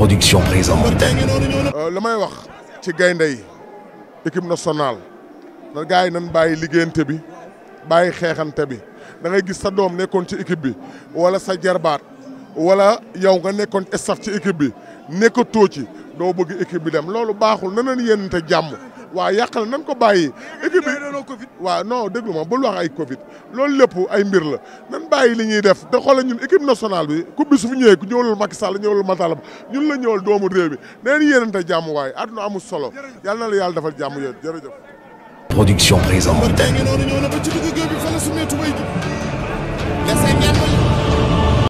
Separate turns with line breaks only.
production présente.
Euh, la may wax ci gaynde yi équipe nationale na gars yi nan bàyyi liggéeyante bi bàyyi xeexante bi da ngay gis sa doom nekkoon ci équipe bi wala sa jarbaat wala yow nga nekkoon staff ci équipe bi nekkatoo ci doo bëgg équipe bi dem loolu baaxul na leen yéenante jàmm. waaw yàqal nan ko bàyyi. équipe bi waaw non déglu ma bul wax ay Covid loolu lépp ay mbir la nan bàyyi li ñuy def te xoolal ñun équipe nationale bi coupe bi su fi ñëwee ku ñëwalul Macky Sall ñëwalul Matalab ñun la ñëwal doomu réew bi neen yéenante jàmm waaye àdduna amul solo yàlla na la yàlla defal jàmm yéen jërëjëf.
production présente.